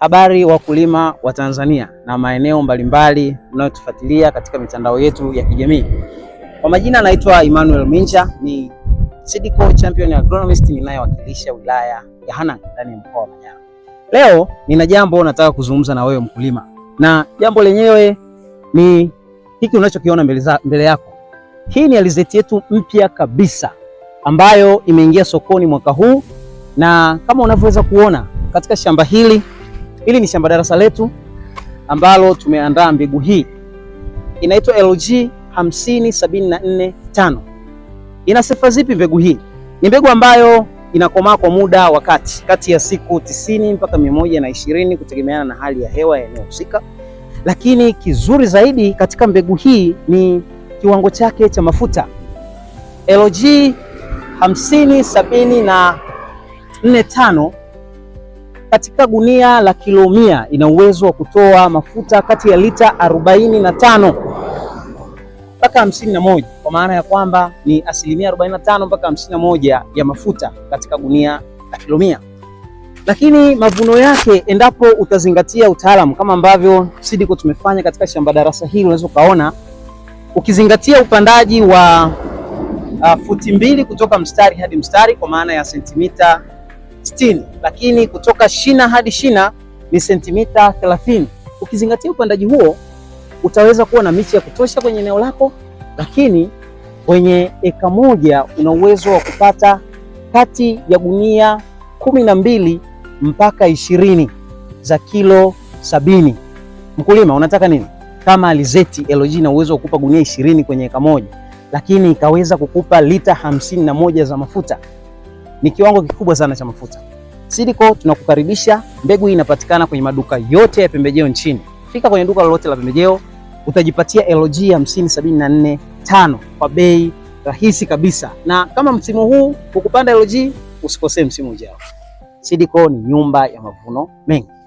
Habari wakulima wa Tanzania na maeneo mbalimbali mnayotufuatilia katika mitandao yetu ya kijamii. Kwa majina naitwa Emmanuel Mincha, ni Sedeco Champion Agronomist ninayewakilisha wilaya ya Hanang ndani ya mkoa wa Manyara. Leo nina jambo nataka kuzungumza na wewe mkulima, na jambo lenyewe ni hiki unachokiona mbele yako. Hii ni alizeti yetu mpya kabisa ambayo imeingia sokoni mwaka huu, na kama unavyoweza kuona katika shamba hili Hili ni shamba darasa letu ambalo tumeandaa mbegu hii inaitwa LG 50745. Ina sifa zipi mbegu hii? Ni mbegu ambayo inakomaa kwa muda wa kati kati ya siku tisini mpaka mia moja na ishirini kutegemeana na hali ya hewa ya eneo husika, lakini kizuri zaidi katika mbegu hii ni kiwango chake cha mafuta LG 50745 katika gunia la kilo mia ina uwezo wa kutoa mafuta kati ya lita 45 mpaka 51 moja kwa maana ya kwamba ni asilimia 45 mpaka moja ya mafuta katika gunia la kilo mia lakini mavuno yake, endapo utazingatia utaalamu kama ambavyo Sidiko tumefanya katika shamba darasa hili, unaweza ukaona ukizingatia upandaji wa uh, futi mbili kutoka mstari hadi mstari kwa maana ya sentimita 60, lakini kutoka shina hadi shina ni sentimita 30. Ukizingatia upandaji huo utaweza kuwa na miche ya kutosha kwenye eneo lako, lakini kwenye eka moja una uwezo wa kupata kati ya gunia kumi na mbili mpaka ishirini za kilo sabini. Mkulima unataka nini? Kama alizeti LG na uwezo wa kukupa gunia ishirini kwenye eka moja, lakini ikaweza kukupa lita hamsini na moja za mafuta ni kiwango kikubwa sana cha mafuta. Silico tunakukaribisha. Mbegu hii inapatikana kwenye maduka yote ya pembejeo nchini. Fika kwenye duka lolote la pembejeo utajipatia LG 50745 kwa bei rahisi kabisa, na kama msimu huu ukupanda LG, usikosee msimu ujao. Silico ni nyumba ya mavuno mengi.